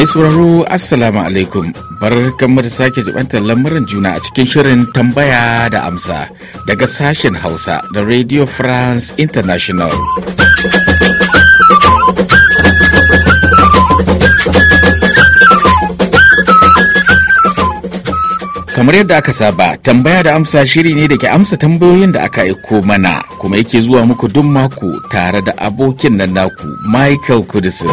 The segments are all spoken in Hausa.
Mai sauraro Assalamu alaikum barkanmu da sake jibantar lamarin juna a cikin shirin tambaya da amsa daga sashen Hausa da Radio France International. kamar yadda aka saba tambaya da amsa shiri ne da ke amsa tambayoyin da aka aiko mana kuma yake zuwa muku duk mako tare da abokin nan naku michael kudisin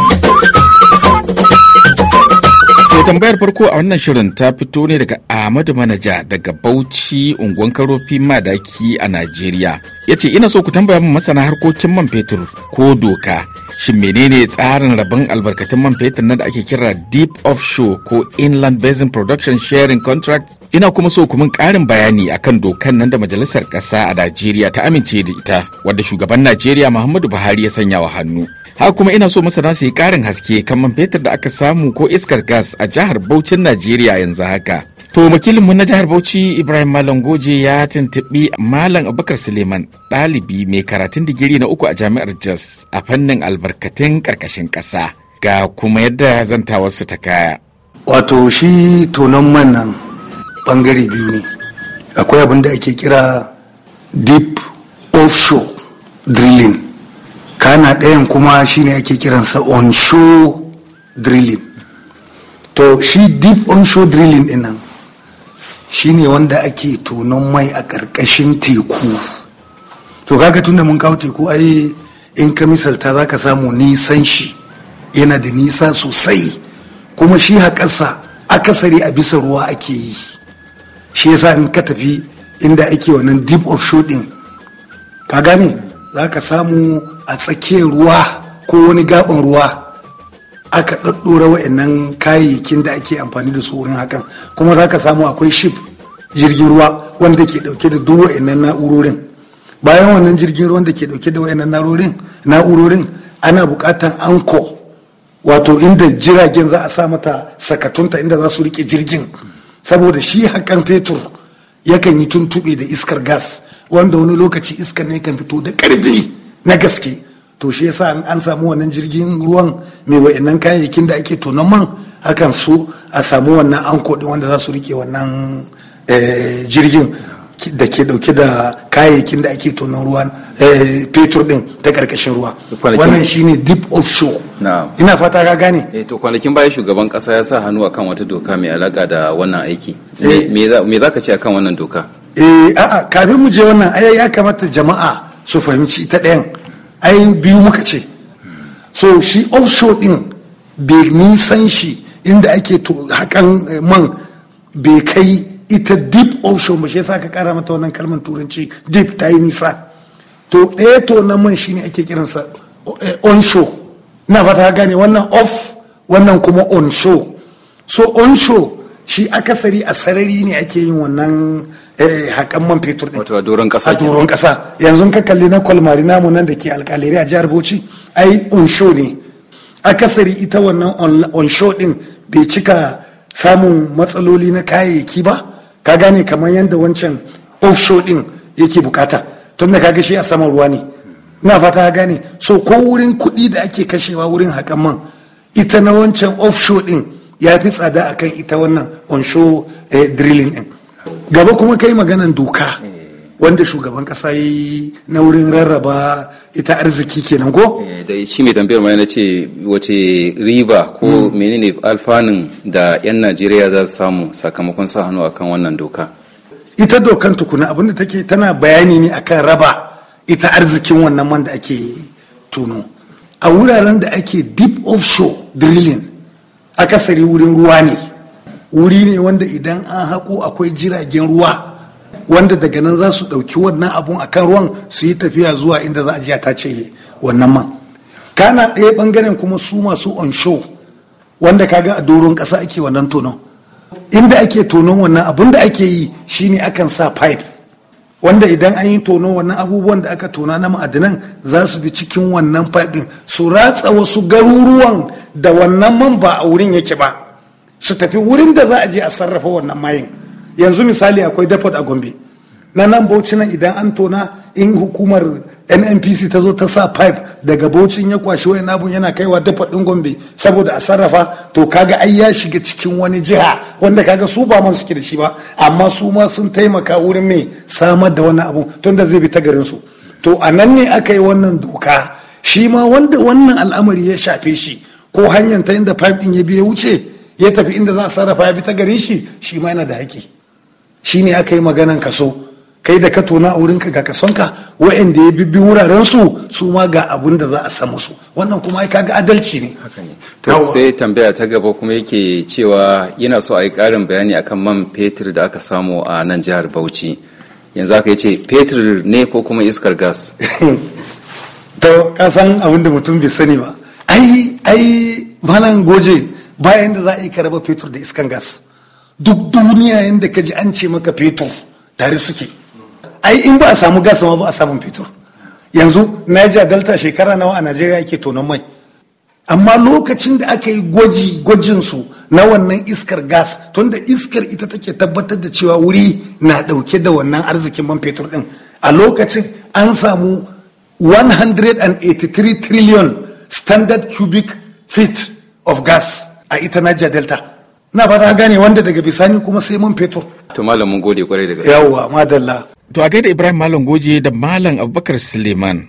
tambayar farko a wannan shirin ta fito ne daga Ahmadu Manaja daga Bauchi unguwan Karofi Madaki a Najeriya. Ya ce ina so ku tambaya min masana harkokin man fetur ko doka. Shin menene tsarin rabin albarkatun man fetur na da ake kira Deep Offshore ko Inland Basin Production Sharing Contract? Ina kuma so ku min karin bayani akan dokan nan da Majalisar kasa a Najeriya ta amince da ita, wadda shugaban Najeriya Muhammadu Buhari ya sanya wa hannu. har kuma ina so masana su yi karin haske kan man fetur da aka samu ko iskar gas a jihar Bauchin Najeriya yanzu haka. To wakilinmu na jihar Bauchi Ibrahim Malam Goje ya tuntuɓi Malam Abubakar Suleiman ɗalibi mai karatun digiri na uku a jami'ar Jos a fannin albarkatun ƙarƙashin ƙasa ga kuma yadda zanta wasu ta kaya. Wato shi tonon man nan ɓangare biyu ne. Akwai abin da ake kira deep offshore drilling kana ɗayan kuma shine ake kiransa onshore drilling to shi deep onshore drilling dinnan shine wanda ake tonon mai a ƙarƙashin teku to kaga tunda mun kawo teku ai in ka misalta za ka samu nisan shi yana da nisa sosai kuma shi haƙarsa akasari a bisa ruwa ake yi shi yasa in ka tafi inda ake wannan deep offshore ɗin ka gane za ka samu a tsakiyar ruwa ko wani gaban ruwa aka ɗaɗɗora wa'annan kayayyakin da ake amfani da su wurin hakan kuma za ka samu akwai ship jirgin ruwa wanda ke ɗauke da duk wa'annan na'urorin bayan wannan jirgin ruwan da ke ɗauke da wa'annan na'urorin ana buƙatar anko wato inda jiragen za a sa mata sakatunta inda za su rike jirgin saboda shi hakan fetur yakan yi tuntuɓe da iskar gas wanda wani lokaci iskar ne kan fito da ƙarfi na gaske to shi yasa an samu wannan jirgin ruwan mai wa'annan kayayyakin da ake tonon man hakan so a samu wannan an din wanda za su rike wannan eh, jirgin da ke dauke da kayayyakin da ake tonon ruwan eh, fetur din ta karkashin ruwa wannan shine deep offshore ina fata ka gane eh, to kwanakin baya shugaban kasa ya sa hannu akan wata doka mai alaka da wannan aiki me za ka ce akan wannan doka eh a'a kafin mu je wannan ai ya kamata jama'a su fahimci ita ɗayan ai biyu muka ce so shi offshore din bai nisan shi inda ake hakan eh, man bai kai ita deep offshore ba shi yasa ka kara mata wannan kalmar turanci deep ta yi nisa to ɗaya to na man shine ake kiransa eh, onshore na fata ne wannan off wannan kuma onshore so onshore shi akasari a sarari ne ake yin wannan Eh, haƙan man fetur ɗin. Wato a doron ƙasa. A doron ƙasa. Yanzu ka kalli na kwalmari namu nan da ke alƙalere a jihar Bauchi ai onsho ne. Akasari ita wannan onsho ɗin bai cika samun matsaloli na kayayyaki ba. Ka gane kamar yadda wancan offsho ɗin yake bukata. Tun da kaga shi a saman ruwa ne. Na fata ka gane. So ko wurin kuɗi da ake kashewa wurin haƙan man ita na wancan offsho ɗin ya fi tsada akan ita wannan onshore eh, drilling ɗin. gaba kuma kai maganan doka eh. wanda shugaban kasa yi na wurin rarraba ita arziki kenan ko? Eh, da shi mai tambayar ma yana ce wace riba ko hmm. menene alfanun da 'yan najeriya za su samu sakamakon sa hannu akan wannan doka ita dokan tukuna abinda take tana bayani ne akan raba ita arzikin wannan man da ake tuno a wuraren da ake deep offshore drilling akasari wurin ruwa ne wuri ne wanda idan an haƙo akwai jiragen ruwa wanda daga nan za su ɗauki wannan abun akan ruwan su yi tafiya zuwa inda za a ji ta ce wannan man kana ɗaya ɓangaren kuma su masu onsho show wanda kaga a doron ƙasa ake wannan tonon inda ake tonon wannan abun da ake yi shine akan sa pipe wanda idan an yi tono wannan abubuwan da aka tona na ma'adinan za su bi cikin wannan faɗin su ratsa wasu garuruwan da wannan man ba a wurin yake ba su tafi wurin da za a je a sarrafa wannan mayin yanzu misali akwai depot a gombe na nan bauchi nan idan an tona in hukumar nnpc ta zo ta sa pipe daga bauchin ya kwashi wani abun yana kaiwa depot din gombe saboda a sarrafa to kaga ai ya shiga cikin wani jiha wanda kaga su ba man suke da shi ba amma su ma sun taimaka wurin me samar da wani abu tunda zai bi ta garin su to a nan ne aka yi wannan doka shi ma wanda wannan al'amari ya shafe shi ko hanyar ta inda pipe din ya bi ya wuce ya tafi inda za a sarrafa ya bi ta gare shi shi ma yana da haƙƙi shi ne aka yi maganan kaso kai da ka tona a wurinka ga kasonka wa'anda ya bibbi wuraren su su ma ga abun da za a samu su wannan kuma ai kaga adalci ne to sai tambaya ta gaba kuma yake cewa yana so a yi ƙarin bayani akan man fetur da aka samu a nan jihar Bauchi yanzu aka ce fetur ne ko kuma iskar gas to kasan abin da mutum bai sani ba ai ai malam goje bayan da za a yi ka raba fetur da iskan gas duk duniya yadda ka ji an ce maka fetur tare suke ai in ba a samu gas ma ba a samun fetur yanzu niger delta shekara nawa a najeriya ake tonon mai amma lokacin da aka yi gwaji gwajin su na wannan iskar gas tunda iskar ita take tabbatar da cewa wuri na dauke da wannan arzikin man fetur din a lokacin an samu 183 trillion standard cubic feet of gas a ita Niger Delta na ba ta gane wanda daga bisani kuma sai mun fetur to malam mun gode kwarai daga yawwa madalla to a gaida Ibrahim Malam Goje da Malam Abubakar Suleiman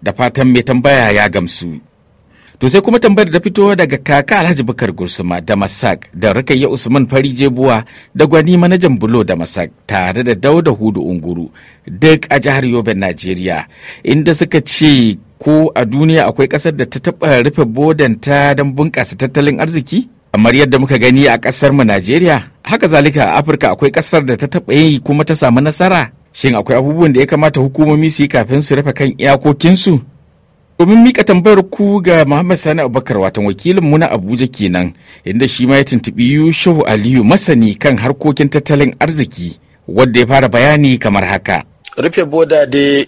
da fatan mai tambaya ya gamsu to sai kuma tambayar da fito daga kaka Alhaji Bukar Gursuma da Masak da Rukayya Usman Fari Jebuwa da Gwani manajan Bulo da Masak tare da Dauda Hudu Unguru duk a jihar Yobe Najeriya inda suka ce ko a duniya akwai ƙasar da ta taba rufe bodanta don bunƙasa tattalin arziki? kamar yadda muka gani a ƙasar mu Najeriya haka zalika a Afirka akwai ƙasar da ta taba yi kuma ta samu nasara shin akwai abubuwan da ya kamata hukumomi su yi kafin su rufe kan iyakokinsu domin mika tambayar ku ga Muhammad Sani Abubakar watan wakilin mu na Abuja kenan inda shi ma ya tuntubi Yusuf Aliyu masani kan harkokin tattalin arziki wanda ya fara bayani kamar haka rufe boda dai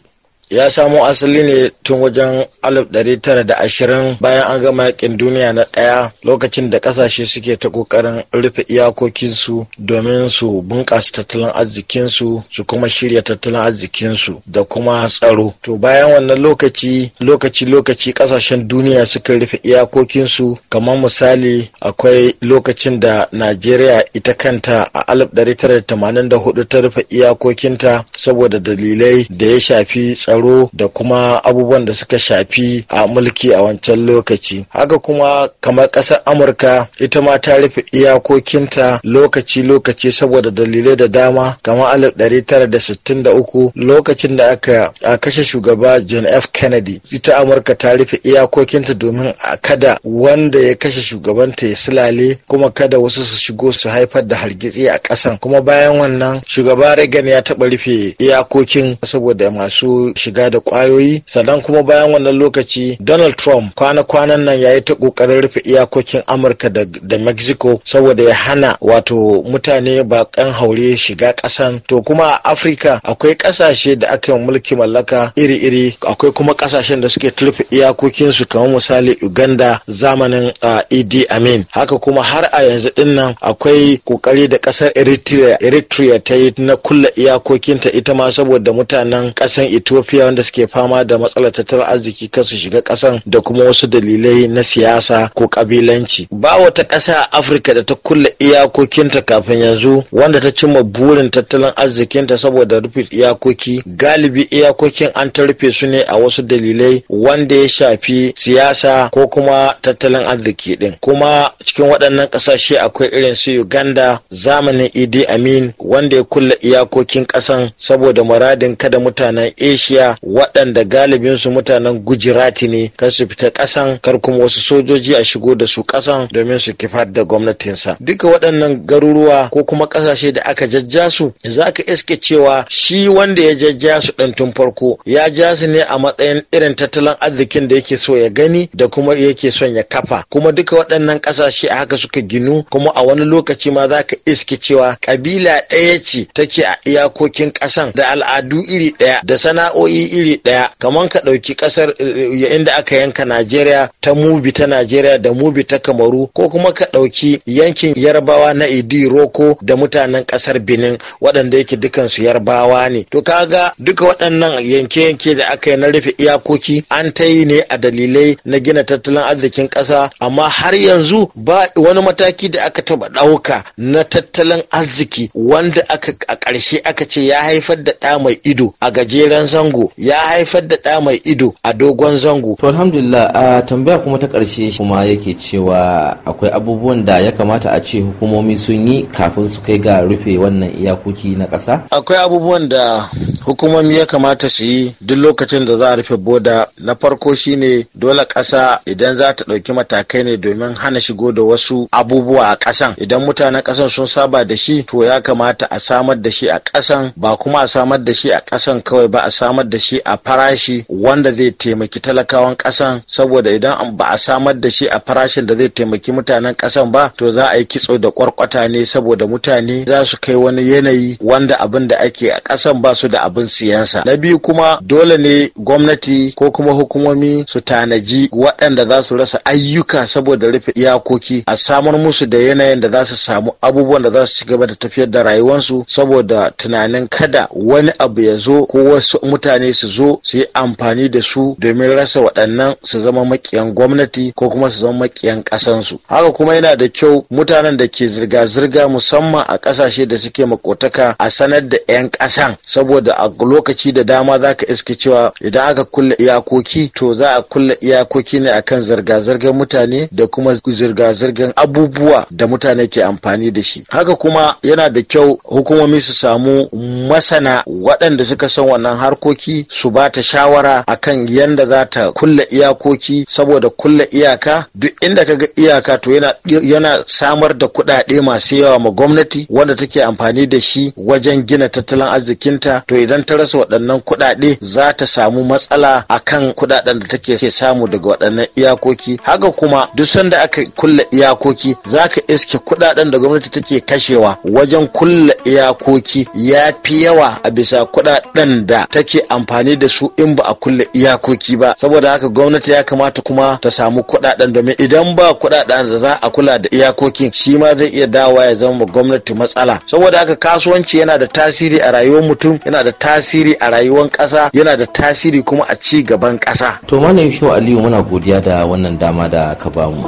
ya samo asali ne tun wajen 1920 bayan an gama yakin duniya na ɗaya lokacin da ƙasashe suke ta ƙoƙarin rufe iyakokinsu domin su bunƙasa tattalin arzikinsu su kuma shirya tattalin arzikinsu da kuma tsaro. To bayan wannan lokaci lokaci lokaci ƙasashen duniya suka rufe iyakokinsu kamar misali akwai lokacin da Najeriya ita kanta a 1984 ta rufe iyakokinta saboda dalilai da ya shafi tsaro. tsaro da kuma abubuwan da suka shafi a mulki a wancan lokaci haka kuma kamar ƙasar amurka ita ma ta rufe iyakokinta lokaci-lokaci saboda dalilai da dama kamar alif tara 1963 lokacin da aka kashe shugaba john f kennedy ita amurka ta rufe iyakokinta domin a kada wanda ya kashe shugabanta ya silale kuma kada wasu su shigo su haifar da hargitsi a ƙasan kuma bayan wannan shugaba reagan ya taɓa rufe iyakokin saboda masu shiga da kwayoyi, sannan kuma bayan wannan lokaci Donald Trump kwana-kwanan nan ya yi ta ƙoƙarin rufe iyakokin Amurka da Mexico saboda ya hana wato mutane baƙan haure shiga ƙasan to kuma a Afirka akwai ƙasashe da aka mulki mallaka iri-iri akwai kuma ƙasashen da suke turfe iyakokinsu kamar misali Uganda zamanin ed uh, Amin haka kuma har a yanzu din nan akwai kokari da ƙasar Eritrea Eritrea ta yi na kulla iyakokinta ita ma saboda mutanen ƙasan Ethiopia Najeriya wanda suke fama da matsalar tattalin arziki kan su shiga ƙasan da kuma wasu dalilai na siyasa ko ƙabilanci. Ba wata ƙasa a Afirka da ta kulle iyakokinta kafin yanzu wanda ta cimma burin tattalin arzikinta saboda rufe iyakoki galibi iyakokin an ta rufe su ne a wasu dalilai wanda ya shafi siyasa ko kuma tattalin arziki din kuma cikin waɗannan ƙasashe akwai irin su uganda zamanin idi amin wanda ya kulle iyakokin ƙasan saboda muradin kada mutanen asia tafiya waɗanda galibin su mutanen gujirati ne kan su fita ƙasan kar kuma wasu sojoji a shigo da su ƙasan domin su kifar da gwamnatinsa duka waɗannan garuruwa ko kuma ƙasashe da aka jajja su za ka iske cewa shi wanda ya jajja su ɗin tun farko ya ja su ne a matsayin irin tattalin arzikin da yake so ya gani da kuma yake son ya kafa kuma duka waɗannan ƙasashe a haka suka ginu kuma a wani lokaci ma za ka iske cewa ƙabila ɗaya ce take a iyakokin ƙasan da al'adu iri ɗaya da sana'o'i nau'i iri ɗaya kamar ka ɗauki ƙasar eh, eh, inda aka yanka Najeriya ta mubi ta Najeriya da mubi ta Kamaru ko kuma ka ɗauki yankin Yarbawa na Idi Roko da mutanen ƙasar Benin waɗanda yake dukansu Yarbawa ne. To kaga duka waɗannan yanke-yanke da aka yi na rufe iyakoki an ta yi ne a dalilai na gina tattalin arzikin ƙasa amma har yanzu ba wani mataki da aka taɓa ɗauka na tattalin arziki wanda aka a ƙarshe aka ce ya haifar da ɗa mai ido a gajeren zango zango ya haifar da ɗa mai ido a dogon zango. To alhamdulillah a tambaya kuma ta ƙarshe kuma yake cewa akwai abubuwan da ya kamata a ce hukumomi sun yi kafin su kai ga rufe wannan iyakoki na ƙasa? Akwai abubuwan da hukumomi ya kamata su yi duk lokacin da za a rufe boda na farko shine dole ƙasa idan za ta ɗauki matakai ne domin hana shigo da wasu abubuwa a ƙasan idan mutanen ƙasan sun saba da shi to ya kamata a samar da shi a ƙasan ba kuma a samar da shi a ƙasan kawai ba a samar da shi a farashi wanda zai taimaki talakawan ƙasan saboda idan ba a samar da shi a farashin da zai taimaki mutanen ƙasan ba to za a yi kitso da kwarkwata ne saboda mutane za su kai wani yanayi wanda abin da ake a ƙasan ba su da abin siyasa na biyu kuma dole ne gwamnati ko kuma hukumomi su tanaji waɗanda za su rasa ayyuka saboda rufe iyakoki a samar musu da yanayin da za su samu abubuwan da za su ci gaba da tafiyar da rayuwarsu saboda tunanin kada wani abu ya zo ko wasu mutane su zo su yi amfani da su domin rasa waɗannan su zama makiyan gwamnati ko kuma su zama makiyan ƙasansu haka kuma yana da kyau mutanen da ke zirga-zirga musamman a ƙasashe da suke makotaka a sanar da 'yan ƙasan saboda a lokaci da dama za ka iske cewa idan aka kulle iyakoki to za a kulle iyakoki ne akan zirga-zirgar mutane da kuma zirga-zirgar abubuwa da mutane ke amfani da shi haka kuma yana da kyau hukumomi su samu masana waɗanda suka san wannan harkoki su ba ta shawara akan yadda za ta kulle iyakoki saboda kulle iyaka duk inda ka ga iyaka to yana, yana samar da kuɗaɗe masu yawa ma gwamnati wanda take amfani da shi wajen gina tattalin arzikinta to idan ta rasa waɗannan kuɗaɗe za ta samu matsala a kan kuɗaɗen da take samu daga waɗannan iyakoki haka kuma duk sanda aka kulle iyakoki za ka iske kuɗaɗen da gwamnati take kashewa wajen kulle iyakoki ya fi yawa a bisa kuɗaɗen da take amfani da su in ba a kulle iyakoki ba saboda haka gwamnati ya kamata kuma ta samu kuɗaɗen domin idan ba kuɗaɗen da za a kula da iyakokin shi ma zai iya dawa ya zama gwamnati matsala saboda haka kasuwanci yana da tasiri a rayuwar mutum yana da tasiri a rayuwar ƙasa yana da tasiri kuma a ci gaban ƙasa. To mana Yusho Aliyu muna godiya da wannan dama da ka ba mu.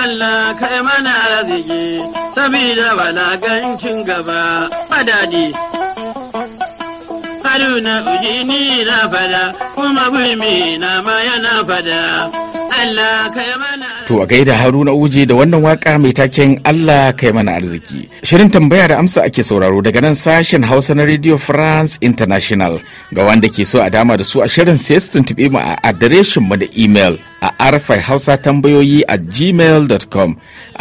Allah ka yi mana arziki saboda balagancin gaba madadi. Haruna uji ni na fada kuma gulmi na ma yana fada. To a gaida Haruna Uje da wannan waka mai taken Allah kai mana arziki. Shirin tambaya da amsa ake sauraro daga nan sashen Hausa na Radio France International. Ga wanda ke so a dama da su a shirin sai su tuntube mu a adireshin mu da email a arfai hausa tambayoyi a gmail.com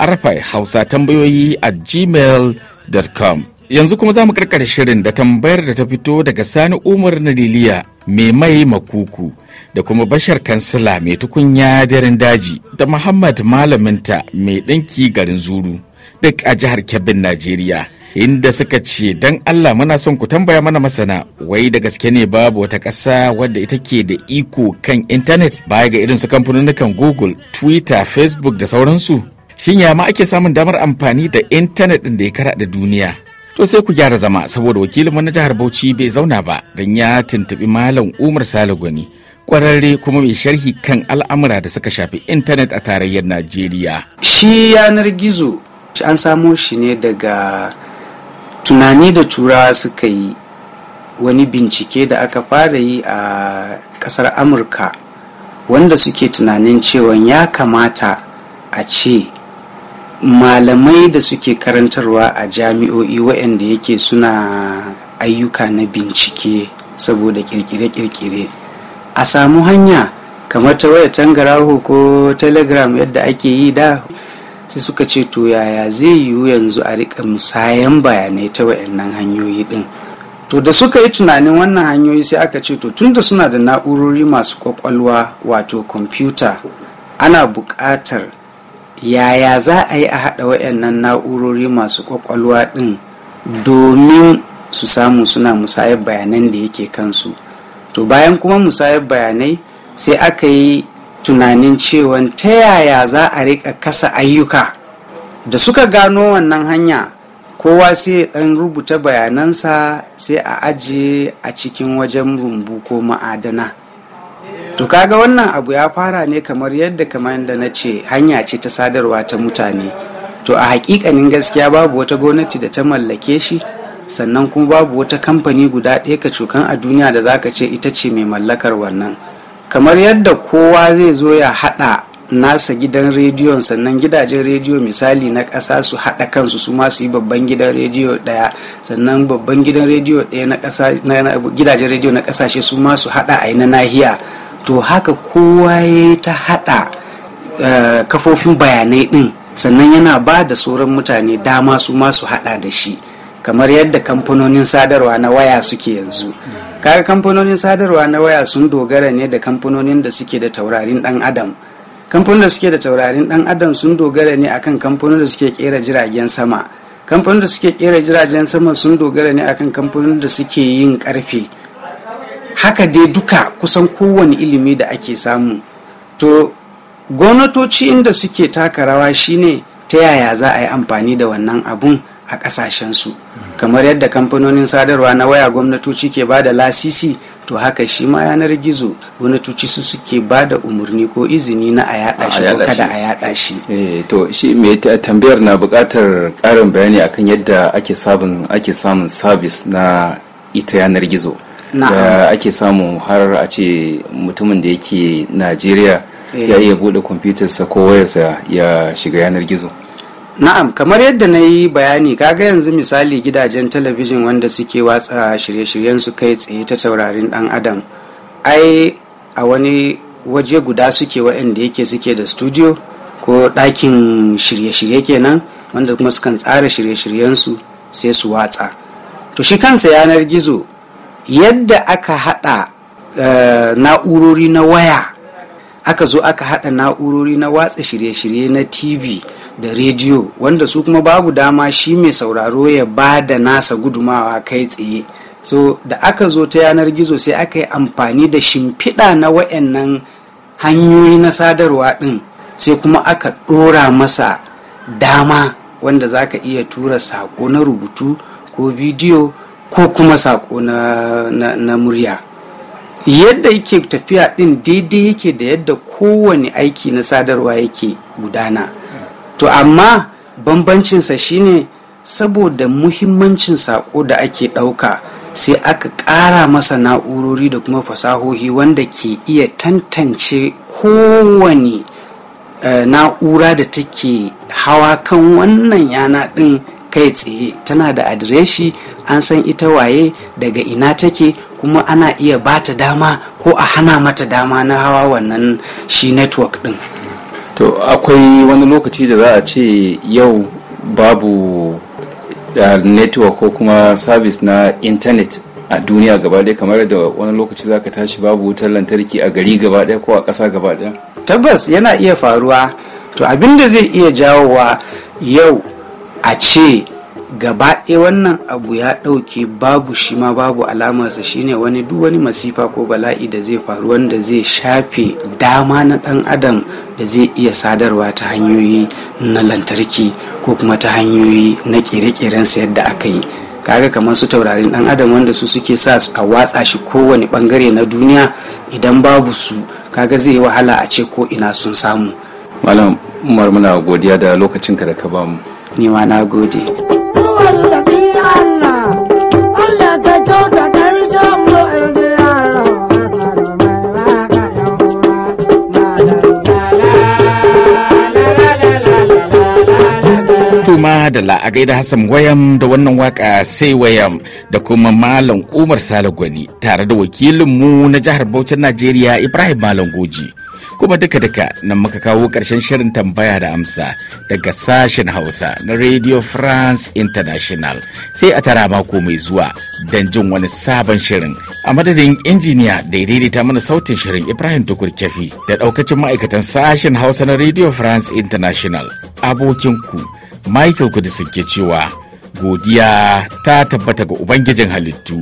arfai hausa tambayoyi a gmail.com. yanzu kuma za mu karkar shirin da tambayar da ta fito daga sani umar na liliya mai mai makuku da kuma bashar kansila mai tukunya daren daji da muhammad malaminta mai ɗinki garin zuru duk a jihar kebbin najeriya inda suka ce don allah muna son ku tambaya mana masana wai da gaske ne babu wata ƙasa wadda ita ke da iko kan intanet baya ga irin su kamfanonukan google twitter facebook da sauransu shin ya ma ake samun damar amfani da intanet ɗin da ya kara da duniya To sai ku gyara zama saboda mu na jihar Bauchi bai zauna ba don ya tuntubi Malam Umar Salagwani kwararre kuma mai sharhi kan al'amura da suka shafi intanet a tarayyar Najeriya. Shi yanar gizo an samo shi ne daga tunani da turawa suka yi wani bincike da aka fara yi a ƙasar Amurka wanda suke tunanin cewa ya kamata a ce malamai da suke karantarwa a jami'o'i waɗanda yake suna ayyuka na bincike saboda kirkire-kirkire a samu hanya kamar ta waya tangaraho ko telegram yadda ake yi da sai suka ce to yaya zai yiwu yanzu a rika musayan bayanai ta wayannan hanyoyi ɗin? to da suka yi tunanin wannan hanyoyi sai aka ce to tunda suna da na'urori masu kwakwalwa wato kwamfuta ana buƙatar yaya za a yi a haɗa wayannan na'urori masu ƙwaƙwalwa ɗin domin su samu suna musayar bayanan da yake kansu to bayan kuma musayar bayanai sai aka yi tunanin cewa ta yaya za a riƙa kasa ayyuka da suka gano wannan hanya kowa sai ɗan rubuta bayanansa sai a ajiye a cikin wajen rumbu ko ma'adana to kaga wannan abu ya fara ne kamar yadda kamar yadda na ce hanya ce ta sadarwa ta mutane to a hakikanin gaskiya babu wata gwamnati da ta mallake shi sannan kuma babu wata kamfani guda ɗaya ka cokan a duniya da zaka ce ita ce mai mallakar wannan kamar yadda kowa zai zo ya haɗa nasa gidan rediyon sannan gidajen rediyo misali na ƙasa su haɗa kansu su ma su yi babban gidan rediyo ɗaya sannan babban gidan rediyo ɗaya na gidajen rediyo na ƙasashe su ma su haɗa a na nahiya to haka kowa ya ta haɗa uh, kafofin bayanai din sannan yana ba da sauran mutane dama su masu haɗa da shi kamar yadda kamfanonin sadarwa na waya suke yanzu kaga kamfanonin sadarwa na waya sun dogara ne da kamfanonin da suke da taurarin dan adam kamfanonin da suke da taurarin dan adam sun dogara ne akan kamfanonin da suke kera jiragen sama kamfanonin da suke kera jiragen sama sun dogara ne akan kamfanonin da suke yin karfe haka dai duka kusan kowane ilimi da ake samu to gwamnatoci inda suke taka rawa shine ta yaya za a yi amfani da wannan abun a ƙasashensu kamar yadda kamfanonin sadarwa na waya gwamnatoci ke ba da lasisi to haka shi ma yanar gizo gwamnatoci su suke ba da umarni ko izini na a yada shi ko kada a yada shi eh, to shi mai tambayar na buƙatar ƙarin bayani akan yadda ake samun sabis na ita yanar gizo da ake samu har a ce mutumin da yake najeriya ya eh. iya buɗe kwamfutarsa ko wayarsa ya shiga yanar gizo na'am kamar yadda na yi bayani kaga yanzu misali gidajen talabijin wanda suke watsa shirye-shiryen su kai tsaye ta taurarin dan adam ai a wani waje guda suke waɗanda yake suke da studio ko dakin shirye-shirye kenan wanda kuma sukan tsara shirye-shiryensu sai su watsa to shi kansa yanar gizo yadda aka hada eh, na'urori na waya aka zo aka hada na'urori na watsa shirye-shirye na tv da rediyo wanda su kuma babu dama shi mai sauraro ya ba da nasa gudumawa kai tsaye so da aka zo ta yanar gizo sai aka yi amfani da shimfiɗa na wayannan hanyoyi na sadarwa ɗin sai kuma aka ɗora masa dama wanda za ka iya tura sako na rubutu ko bidiyo ko kuma sako na, na, na murya yadda yake tafiya din daidai yake da yadda kowane aiki na sadarwa yake gudana to amma bambancinsa shine saboda muhimmancin sako da ake ɗauka sai aka ƙara masa na'urori da kuma fasahohi wanda ke iya tantance kowane eh, na'ura da take hawa kan wannan yana ɗin kai tsaye tana da adireshi an san ita waye daga ina take kuma ana iya bata dama ko a hana mata dama na hawa wannan shi network din to akwai wani lokaci da za a ce yau babu da network ko kuma service na intanet a duniya gaba ɗaya kamar da wani lokaci za ka tashi babu wutar lantarki a gari gaba ɗaya ko a ƙasa gaba ɗaya tabbas yana iya faruwa to abin da zai iya jawowa yau a ce gaba ɗaya wannan abu ya ɗauke babu shi ma babu alamarsa shine wani duk wani masifa ko bala'i da zai faru wanda zai shafe dama na ɗan adam da zai iya sadarwa ta hanyoyi na lantarki ko kuma ta hanyoyi na ƙere-ƙerensa yadda aka yi kaga kamar su taurarin ɗan adam wanda su suke sa a watsa shi kowane ɓangare na duniya idan babu su kaga zai yi wahala a ce ko ina sun samu malam umar muna godiya da lokacinka da ka bamu ni ma na gode kuma da la'agai da Hassan Wayam da wannan waka sai Wayam da kuma Malam Umar salagwani tare da wakilinmu na jihar Bauchin Najeriya Ibrahim Malam Goji. kuma duka-duka nan muka kawo ƙarshen shirin tambaya da amsa daga sashen hausa na radio france international sai a tara mako mai zuwa don jin wani sabon shirin a madadin injiniya da ya daidaita mana sautin shirin ibrahim tukur kyafi da ɗaukacin ma'aikatan sashen hausa na radio france international abokinku michael kudisin ke cewa godiya ta tabbata ga ubangijin halittu.